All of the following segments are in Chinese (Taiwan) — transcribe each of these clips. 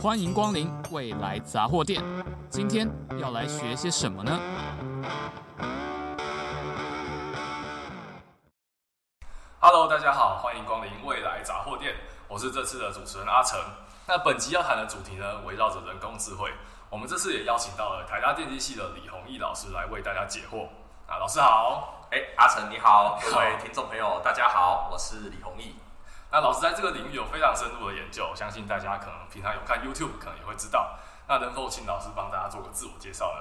歡迎光臨未來雜貨店，今天要來學些什麼呢？Hello，大家好，歡迎光臨未來雜貨店，我是這次的主持人阿成。那本集要談的主題呢，圍繞着人工智慧。我們這次也邀請到了台大電機系的李宏毅老師來為大家解惑。啊，老師好。誒，阿成你好，好，各位聽眾朋友，大家好，我是李宏毅。那老師在這個領域有非常深入的研究，相信大家可能平常有看 YouTube，可能也會知道。那能否請老師幫大家做個自我介紹呢？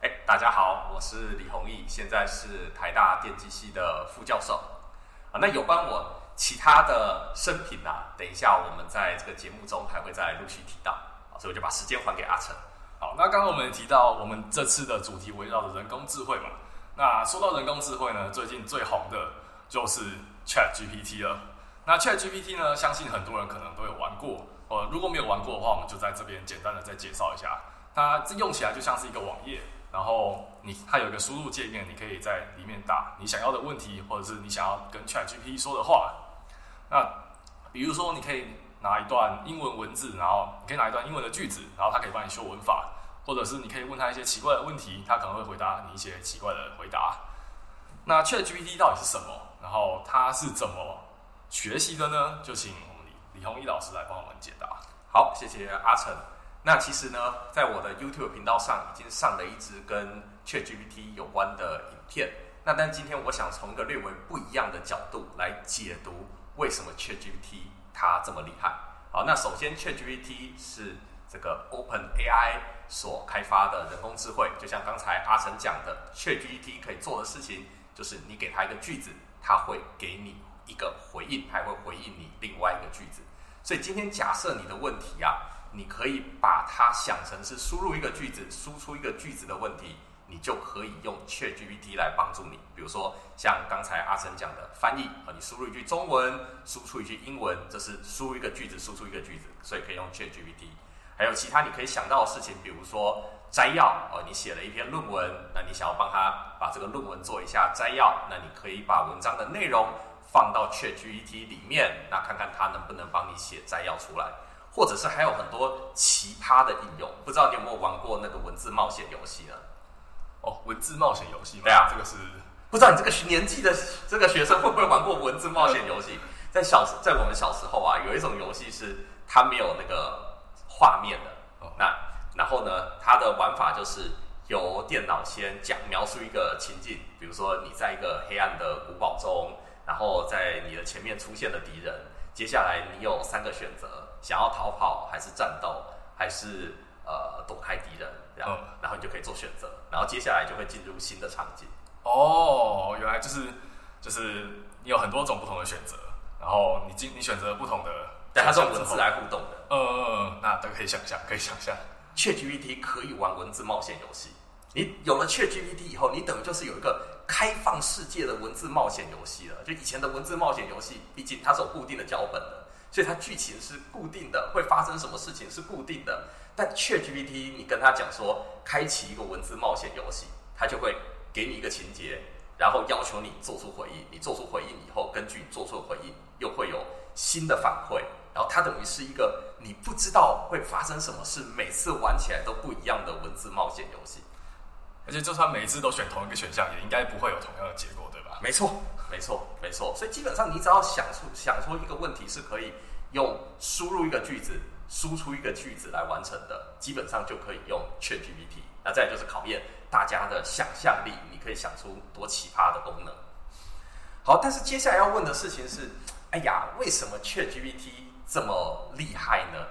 哎、欸，大家好，我是李宏毅，現在是台大電機系的副教授。啊，那有關我其他的生平啊，等一下我們在這個節目中還會再陸續提到。所以我就把時間還給阿成。好，那剛剛我們也提到我們這次的主題圍繞着人工智慧嘛。那說到人工智慧呢，最近最紅的就是 ChatGPT 了。那 ChatGPT 呢？相信很多人可能都有玩過。呃，如果沒有玩過的話，我們就在這邊簡單的再介紹一下。它用起來就像是一個網頁，然後你它有一個輸入界面，你可以在裡面打你想要的問題，或者是你想要跟 ChatGPT 說的話。那比如說，你可以拿一段英文文字，然後你可以拿一段英文的句子，然後它可以幫你修文法，或者是你可以問它一些奇怪的問題，它可能會回答你一些奇怪的回答。那 ChatGPT 到底是什麼？然後它是怎麼學習的呢，就請李李宏毅老師來幫我們解答。好，謝謝阿城。那其實呢，在我的 YouTube 頻道上已經上了一支跟 ChatGPT 有關的影片。那但今天我想從一個略微不一樣的角度來解讀為什麼 ChatGPT 它這麼厲害。好，那首先 ChatGPT 是這個 OpenAI 所開發的人工智慧，就像剛才阿城講的，ChatGPT 可以做的事情就是你給它一個句子，它會給你。一個回應還會回應你另外一個句子，所以今天假設你的問題啊，你可以把它想成是輸入一個句子，輸出一個句子的問題，你就可以用 ChatGPT 來幫助你。比如說像剛才阿城講的翻譯啊，你輸入一句中文，輸出一句英文，這是輸入一個句子，輸出一個句子，所以可以用 ChatGPT。還有其他你可以想到的事情，比如說摘要哦，你寫了一篇論文，那你想要幫他把這個論文做一下摘要，那你可以把文章的內容。放到 ChatGPT 裡面，那看看它能不能幫你寫摘要出來，或者是還有很多奇葩的應用。不知道你有沒有玩過那個文字冒險遊戲呢？哦，文字冒險遊戲，對啊，這個是不知道你這個年紀的這個學生會不會玩過文字冒險遊戲？ 在小在我們小時候啊，有一種遊戲是它沒有那個畫面的哦，那然後呢，它的玩法就是由電腦先講描述一個情境，比如說你在一個黑暗的古堡中。然後在你的前面出現了敵人，接下來你有三個選擇：想要逃跑，還是戰鬥，還是呃躲開敵人。然後，嗯、然後你就可以做選擇，然後接下來就會進入新的場景。哦，原來就是就是你有很多種不同的選擇，然後你進你選擇不同的，但它是用文字來互動的。嗯嗯嗯，那都可以想象，可以想象，ChatGPT 可以玩文字冒險遊戲。你有了 ChatGPT 以後，你等於就是有一個開放世界的文字冒險遊戲了。就以前的文字冒險遊戲，畢竟它是有固定的腳本的，所以它劇情是固定的，會發生什麼事情是固定的。但 ChatGPT，你跟他講說，開啟一個文字冒險遊戲，他就會給你一個情節，然後要求你做出回應。你做出回應以後，根據你做出的回應，又會有新的反饋。然後它等於是一個你不知道會發生什麼事，每次玩起來都不一樣的文字冒險遊戲。而且就算每一次都選同一個選項，也應該不會有同樣的結果，對吧？沒錯，沒錯，沒錯。所以基本上你只要想出想出一個問題是可以用輸入一個句子，輸出一個句子來完成的，基本上就可以用 ChatGPT。那再就是考驗大家的想象力，你可以想出多奇葩的功能。好，但是接下來要問的事情是：哎呀，為什麼 ChatGPT 這麼厲害呢？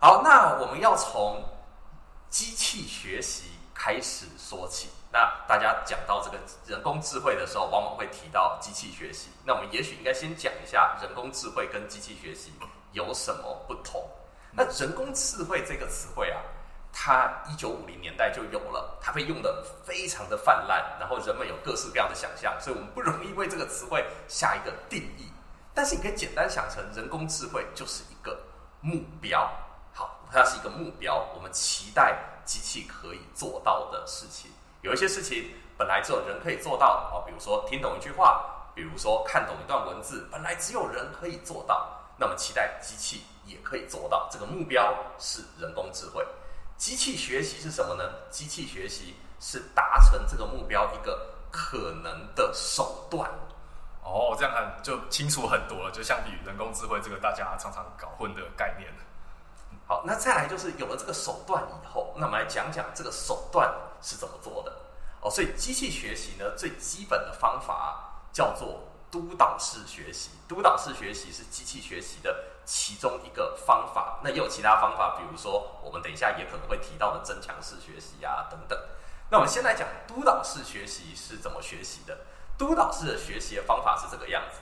好，那我們要從機器學習。開始說起，那大家講到這個人工智慧的時候，往往會提到機器學習。那我們也許應該先講一下人工智慧跟機器學習有什麼不同。那人工智慧這個詞彙啊，它一九五零年代就有了，它被用得非常的泛濫，然後人們有各式各樣的想象，所以我們不容易為這個詞彙下一個定義。但是你可以簡單想成，人工智慧就是一個目標。它是一個目標，我們期待機器可以做到的事情。有一些事情本來只有人可以做到哦，比如說聽懂一句話，比如說看懂一段文字，本來只有人可以做到。那麼期待機器也可以做到，這個目標是人工智慧。機器學習是什麼呢？機器學習是達成這個目標一個可能的手段。哦，這樣看就清楚很多了，就相比於人工智慧這個大家常常搞混的概念。好，那再來就是有了這個手段以後，那我們來講講這個手段是怎麼做的哦。所以機器學習呢，最基本的方法叫做督導式學習。督導式學習是機器學習的其中一個方法，那也有其他方法，比如說我們等一下也可能會提到的增強式學習啊等等。那我們先來講督導式學習是怎麼學習的。督導式的學習的方法是這個樣子，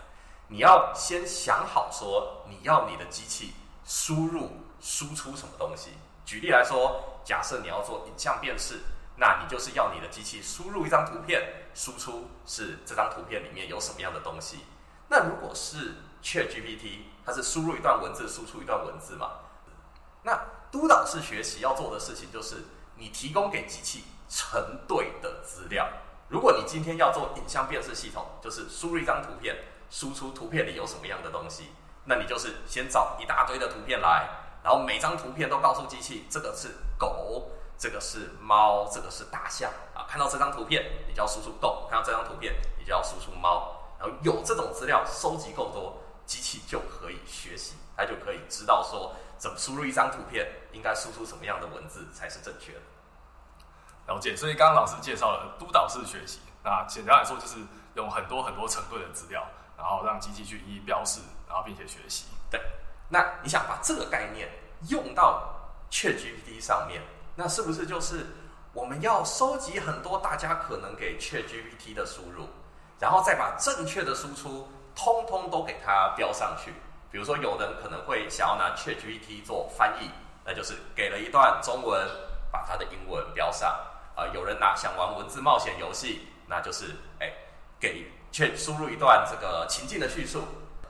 你要先想好說你要你的機器輸入輸出什麼東西？舉例來說，假設你要做影像辨識，那你就是要你的機器輸入一張圖片，輸出是這張圖片裡面有什麼樣的東西。那如果是 ChatGPT，它是輸入一段文字，輸出一段文字嘛。那督導式學習要做的事情就是，你提供給機器成對的資料。如果你今天要做影像辨識系統，就是輸入一張圖片，輸出圖片裡有什麼樣的東西。那你就是先找一大堆的圖片來，然後每張圖片都告訴機器，這個是狗，這個是貓，這個是大象啊。看到這張圖片，你就要輸出狗；看到這張圖片，你就要輸出貓。然後有這種資料收集夠多，機器就可以學習，它就可以知道說，怎麼輸入一張圖片，應該輸出什麼樣的文字才是正確的。了解。所以剛剛老師介紹了督導式學習，那簡單來說就是用很多很多成對的資料。然後讓機器去一一標示，然後並且學習。對，那你想把這個概念用到 ChatGPT 上面，那是不是就是我們要收集很多大家可能給 ChatGPT 的輸入，然後再把正確的輸出通通通都給它標上去？比如說，有人可能會想要拿 ChatGPT 做翻譯，那就是給了一段中文，把它的英文標上。啊、呃，有人拿想玩文字冒險遊戲，那就是哎、欸、給。去輸入一段這個情境的敘述，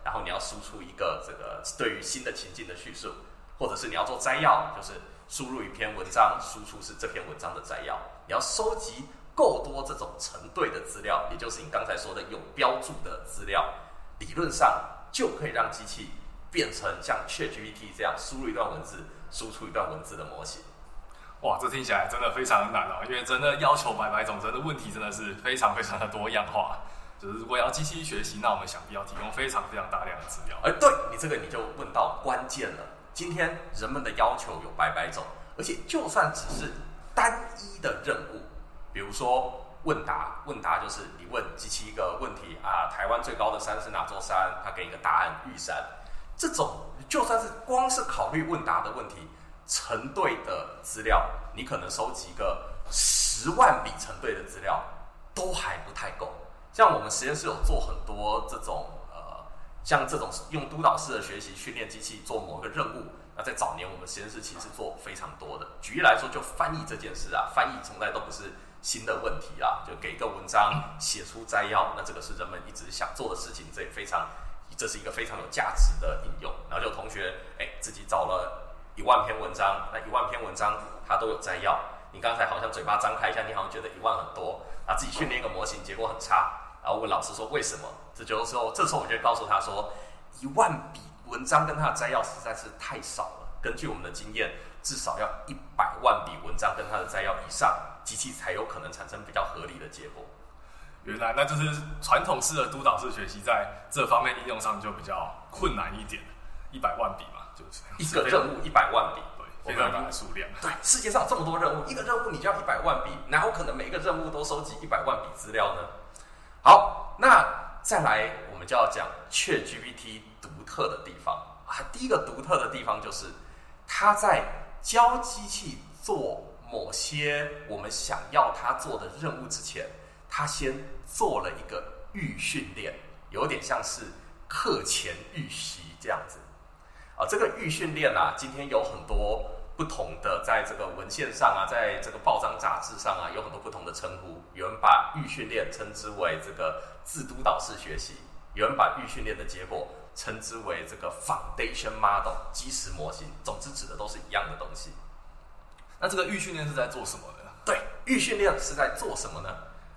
然後你要輸出一個這個對於新的情境的敘述，或者是你要做摘要，就是輸入一篇文章，輸出是這篇文章的摘要。你要收集夠多這種成對的資料，也就是你剛才說的有標注的資料，理論上就可以讓機器變成像 ChatGPT 這樣輸入一段文字，輸出一段文字的模型。哇，這聽起來真的非常難哦、啊，因為真的要求百百種，真的問題真的是非常非常的多樣化。就是如果要機器學習，那我們想必要提供非常非常大量的資料。哎，對，你這個你就問到關鍵了。今天人們的要求有百百種，而且就算只是單一的任務，比如說問答，問答就是你問機器一個問題啊，台灣最高的山是哪座山？它給你一個答案，玉山。這種就算是光是考慮問答的問題，成對的資料，你可能收集個十萬筆成對的資料，都還不太夠。像我們實驗室有做很多這種呃，像這種用督導式的學習訓練機器做某個任務，那在早年我們實驗室其實做非常多的。舉例來說，就翻譯這件事啊，翻譯從來都不是新的問題啊。就給個文章寫出摘要，那這個是人們一直想做的事情，這也非常，這是一個非常有價值的應用。然後就有同學哎，自己找了一萬篇文章，那一萬篇文章它都有摘要。你剛才好像嘴巴張開一下，你好像覺得一萬很多，啊，自己訓練一個模型，結果很差。然後問老師說：“為什麼？”這時候，這時候我就告訴他說：“一萬筆文章跟他的摘要實在是太少了。根據我們的經驗，至少要一百萬筆文章跟他的摘要以上，機器才有可能產生比較合理的結果。”原來，那就是傳統式的督導式學習在這方面應用上就比較困難一點。嗯、一百萬筆嘛，就是一個任務一百萬筆，對，非常大的數量。對，世界上有這麼多任務，一個任務你就要一百萬筆，哪有可能每一個任務都收集一百萬筆資料呢？好，那再來，我們就要講 ChatGPT 獨特的地方啊。第一個獨特的地方就是，它在教機器做某些我們想要它做的任務之前，它先做了一個預訓練，有點像是課前預習這樣子啊。這個預訓練啊，今天有很多。不同的，在這個文獻上啊，在這個報章雜誌上啊，有很多不同的稱呼。有人把預訓練稱之為這個自督導式學習，有人把預訓練的結果稱之為這個 foundation model 基石模型。總之，指的都是一樣的東西。那這個預訓練是在做什麼呢？對，預訓練是在做什麼呢？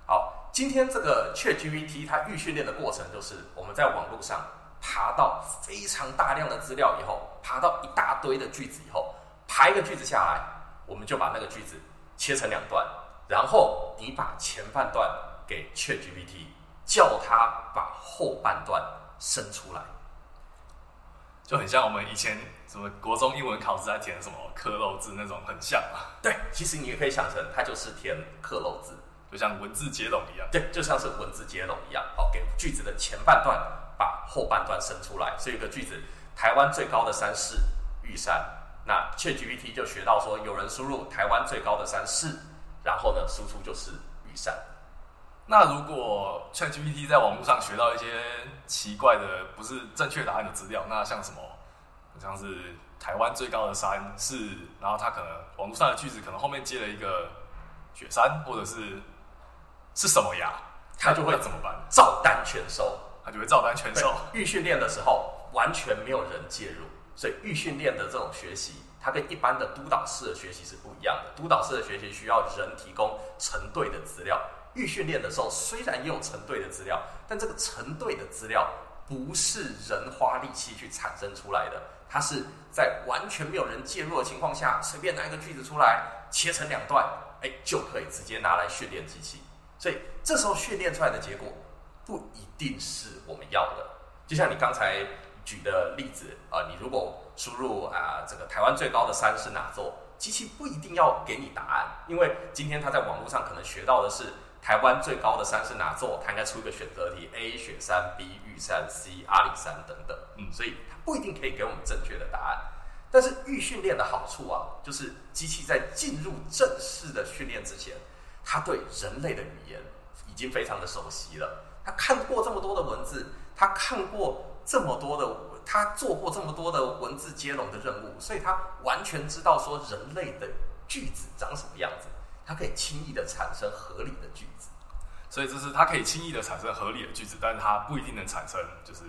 好，今天這個 ChatGPT 它預訓練的過程，就是我們在網絡上爬到非常大量的資料以後，爬到一大堆的句子以後。排一個句子下來，我們就把那個句子切成兩段，然後你把前半段給 ChatGPT，叫它把後半段生出來，就很像我們以前什麼國中英文考試在填什麼克漏字那種，很像啊。對，其實你也可以想成它就是填克漏字，就像文字接龍一樣。對，就像是文字接龍一樣。好，給句子的前半段把後半段生出來。所以，有個句子，台灣最高的山是玉山。那 ChatGPT 就學到說，有人輸入台灣最高的山是，然後呢，輸出就是玉山。那如果 ChatGPT 在網絡上學到一些奇怪的、不是正確答案的資料，那像什麼，像是台灣最高的山是，然後它可能網絡上的句子可能後面接了一個雪山，或者是是什麼呀，他就會怎麼辦？照單全收，他就會照單全收。預訓練的時候完全沒有人介入。所以預訓練的這種學習，它跟一般的督導式的學習是不一樣的。督導式的學習需要人提供成對的資料，預訓練的時候雖然也有成對的資料，但這個成對的資料不是人花力氣去產生出來的，它是在完全沒有人介入的情況下，隨便拿一個句子出來，切成兩段，哎，就可以直接拿來訓練機器。所以這時候訓練出來的結果不一定是我們要的，就像你剛才，舉的例子啊、呃，你如果輸入啊、呃，這個台灣最高的山是哪座？機器不一定要給你答案，因為今天他在網絡上可能學到的是台灣最高的山是哪座，他應該出一個選擇題：A 雪山，B 玉山，C 阿里山等等。嗯，所以他不一定可以給我們正確的答案。但是預訓練的好處啊，就是機器在進入正式的訓練之前，它對人類的語言已經非常的熟悉了，它看過這麼多的文字，它看過。這麼多的，他做過這麼多的文字接龍的任務，所以他完全知道說人類的句子長什麼樣子，他可以輕易的產生合理的句子。所以這是他可以輕易的產生合理的句子，但是他不一定能產生就是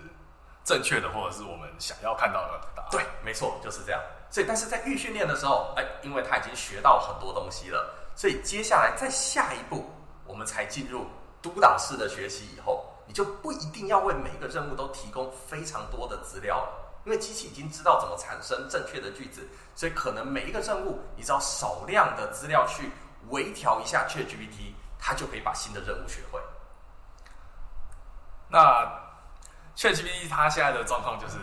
正確的，或者是我們想要看到的答案。對，沒錯，就是這樣。所以但是在預訓練的時候，哎、呃，因為他已經學到很多東西了，所以接下來在下一步，我們才進入督導式的學習以後。你就不一定要為每一個任務都提供非常多的資料了，因為機器已經知道怎麼產生正確的句子，所以可能每一個任務你只要少量的資料去微調一下 ChatGPT，它就可以把新的任務學會。那 ChatGPT 它現在的狀況就是，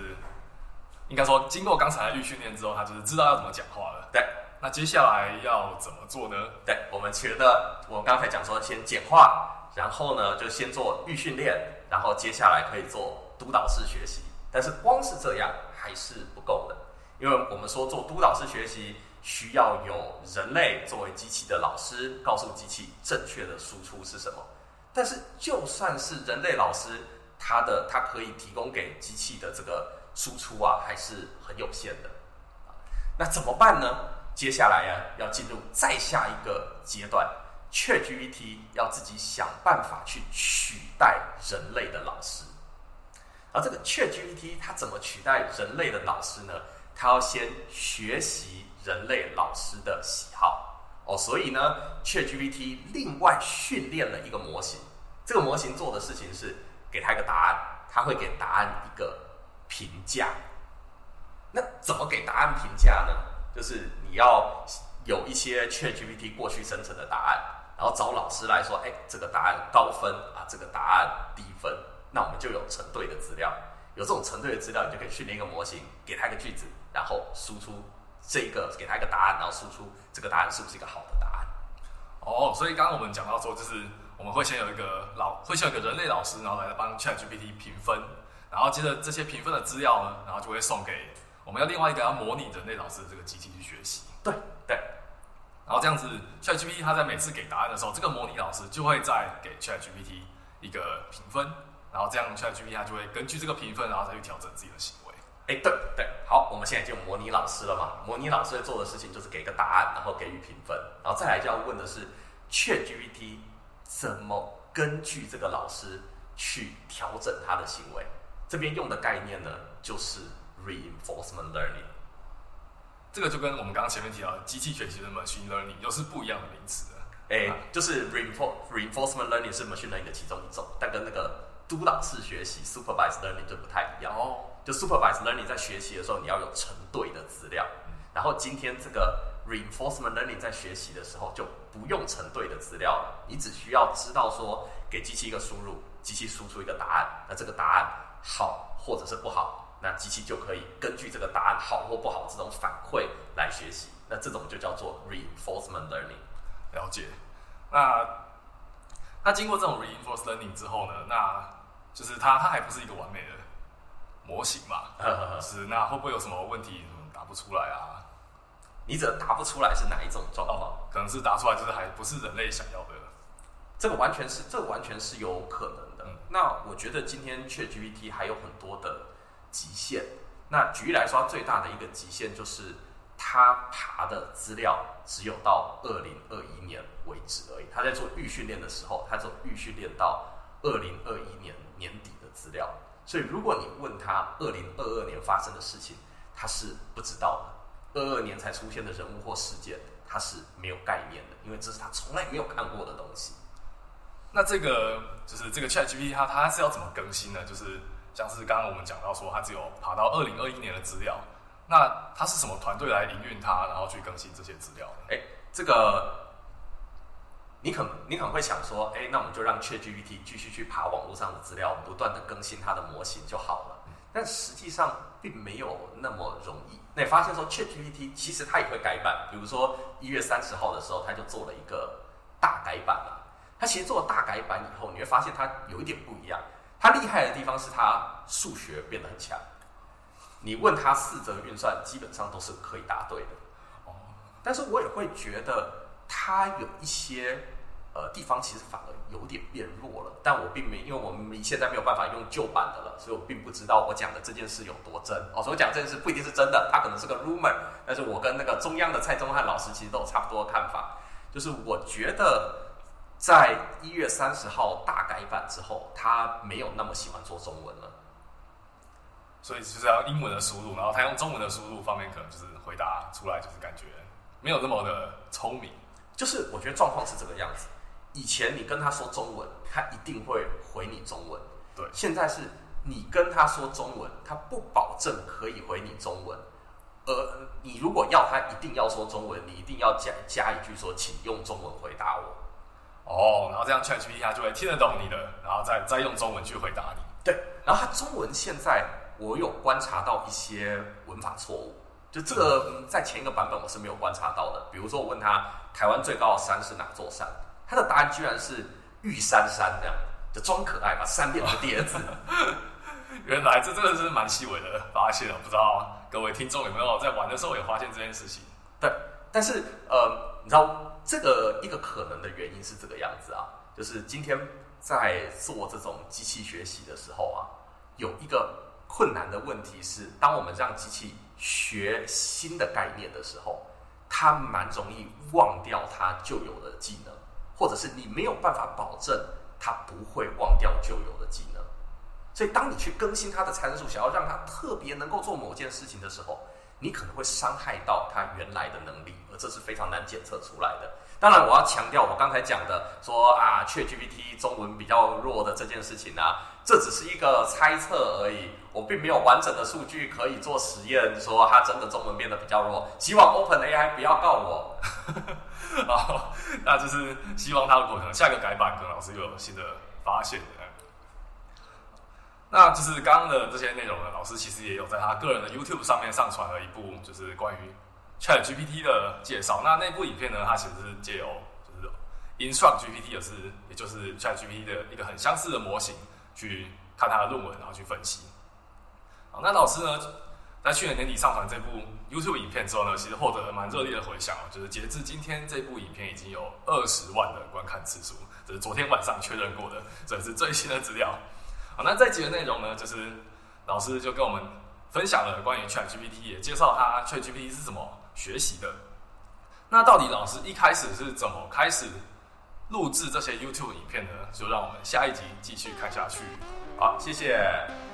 應該說經過剛才的預訓練之後，它就是知道要怎麼講話了。對，那接下來要怎麼做呢？對，我們覺得我剛才講說先簡化。然後呢，就先做預訓練，然後接下來可以做督導式學習。但是光是這樣還是不夠的，因為我們說做督導式學習需要有人類作為機器的老師，告訴機器正確的輸出是什麼。但是就算是人類老師，他的他可以提供給機器的這個輸出啊，還是很有限的。那怎麼辦呢？接下來呀，要進入再下一個階段。ChatGPT 要自己想辦法去取代人類的老師，而這個 ChatGPT 它怎麼取代人類的老師呢？它要先學習人類老師的喜好哦，所以呢，ChatGPT 另外訓練了一個模型，這個模型做的事情是給它一個答案，它會給答案一個評價。那怎麼給答案評價呢？就是你要有一些 ChatGPT 過去生成的答案。然後找老師來說，哎，這個答案高分，啊，這個答案低分，那我們就有成對的資料，有這種成對的資料，你就可以訓練一個模型，給他一個句子，然後輸出這個，給他一個答案，然後輸出這個答案是不是一個好的答案。哦，所以剛剛我們講到說，就是我們會先有一個老，會先有個人類老師，然後來幫 ChatGPT 評分，然後接着這些評分的資料呢，然後就會送給我們要另外一個要模擬人類老師的這個機器去學習。對，對。然後這樣子，ChatGPT、哦、它，在每次給答案的時候，這個模擬老師就會再給 ChatGPT 一個評分，然後這樣 ChatGPT 它就會根據這個評分，然後再去調整自己的行為。哎，對對，好，我們現在就有模擬老師了嘛。模擬老師會做的事情就是給個答案，然後給予評分，然後再來就要問的是，ChatGPT 怎麼根據這個老師去調整他的行為？這邊用的概念呢，就是 reinforcement learning。這個就跟我們剛剛前面提到的機器學習的 machine learning 又是不一樣的名詞了。哎，啊、就是 reinfor, reinforcement learning 是 machine learning 的其中一種，但跟那個督導式學習 supervised learning 就不太一樣哦。就 supervised learning 在學習的時候，你要有成對的資料，嗯、然後今天這個 reinforcement learning 在學習的時候，就不用成對的資料了，你只需要知道說給機器一個輸入，機器輸出一個答案，那這個答案好或者是不好，那機器就可以根據這個答案好或不好這種反饋來學習，那這種就叫做 reinforcement learning。了解。那那經過這種 reinforcement learning 之後呢，那就是它它還不是一個完美的模型嘛？呵呵呵是。那會不會有什麼問題？嗯、答不出來啊？你只要答不出來是哪一種狀況哦？可能是答出來就是還不是人類想要的。這個完全是，這個、完全是有可能的。嗯、那我覺得今天 ChatGPT 還有很多的。極限。那舉例來說，最大的一個極限就是他爬的資料只有到二零二一年為止而已。他在做預訓練的時候，他做預訓練到二零二一年年底的資料。所以，如果你問他二零二二年發生的事情，他是不知道的。二二年才出現的人物或事件，他是沒有概念的，因為這是他從來沒有看過的東西。那這個就是這個 ChatGPT 它它是要怎麼更新呢？就是。像是剛剛我們講到說，他只有爬到二零二一年的資料，那他是什麼團隊來營運他，然後去更新這些資料？哎，這個你可能，你可能會想說，哎，那我們就讓 ChatGPT 繼續去爬網絡上的資料，不斷的更新它的模型就好了。但實際上並沒有那麼容易。那你發現說，ChatGPT 其實它也會改版，比如說一月三十號的時候，它就做了一個大改版了。它其實做了大改版以後，你會發現它有一點不一樣。他厲害的地方是他數學變得很強，你問他四則運算基本上都是可以答對的。哦，但是我也會覺得他有一些呃地方其實反而有點變弱了。但我並沒，因為我們現在沒有辦法用舊版的了，所以我並不知道我講的這件事有多真。哦，所以我講這件事不一定是真的，他可能是個 rumor。但是我跟那個中央的蔡宗翰老師其實都有差不多的看法，就是我覺得。1 在一月三十號大改版之後，他沒有那麼喜歡說中文了，所以就是要英文的輸入，然後他用中文的輸入方面可能就是回答出來就是感覺沒有那麼的聰明。就是我覺得狀況是這個樣子：以前你跟他說中文，他一定會回你中文；對，現在是你跟他說中文，他不保證可以回你中文，而你如果要他一定要說中文，你一定要加加一句說：“請用中文回答我。”哦，oh, 然後這樣 ChatGPT 一下就會聽得懂你的，然後再再用中文去回答你。對，然後他中文現在我有觀察到一些文法錯誤，就這個、嗯、在前一個版本我是沒有觀察到的。比如說我問他台灣最高的山是哪座山，他的答案居然是玉山山這樣，就裝可愛吧，三撇的點子。哦、 原來這真的是蠻細微的發現了，不知道各位聽眾有沒有在玩的時候有發現這件事情？對，但是呃。你知道這個一個可能的原因是這個樣子啊，就是今天在做這種機器學習的時候啊，有一個困難的問題是，當我們讓機器學新的概念的時候，它蠻容易忘掉它舊有的技能，或者是你沒有辦法保證它不會忘掉舊有的技能。所以，當你去更新它的參數，想要讓它特別能夠做某件事情的時候，你可能會傷害到它原來的能力，而這是非常難檢測出來的。當然，我要強調我剛才講的，說啊，ChatGPT 中文比較弱的這件事情啊，這只是一個猜測而已。我並沒有完整的數據可以做實驗，說它真的中文變得比較弱。希望 OpenAI 不要告我。 好，那就是希望它如果可能，下個改版可能老師又有新的發現。那就是剛剛的這些內容呢，老師其實也有在他個人的 YouTube 上面上傳了一部，就是關於 Chat GPT 的介紹。那那部影片呢，他其實是借由就是 Instruct GPT，也是也就是 Chat GPT 的一個很相似的模型去看他的論文，然後去分析。好，那老師呢，在去年年底上傳這部 YouTube 影片之後呢，其實獲得了蠻熱烈的回響，就是截至今天這部影片已經有二十萬的觀看次數，這、就是昨天晚上確認過的，這、就是最新的資料。好，那這集的內容呢，就是老師就跟我們分享了關於 ChatGPT，也介紹他 ChatGPT 是怎麼學習的。那到底老師一開始是怎麼開始錄製這些 YouTube 影片呢？就讓我們下一集繼續看下去。好，謝謝。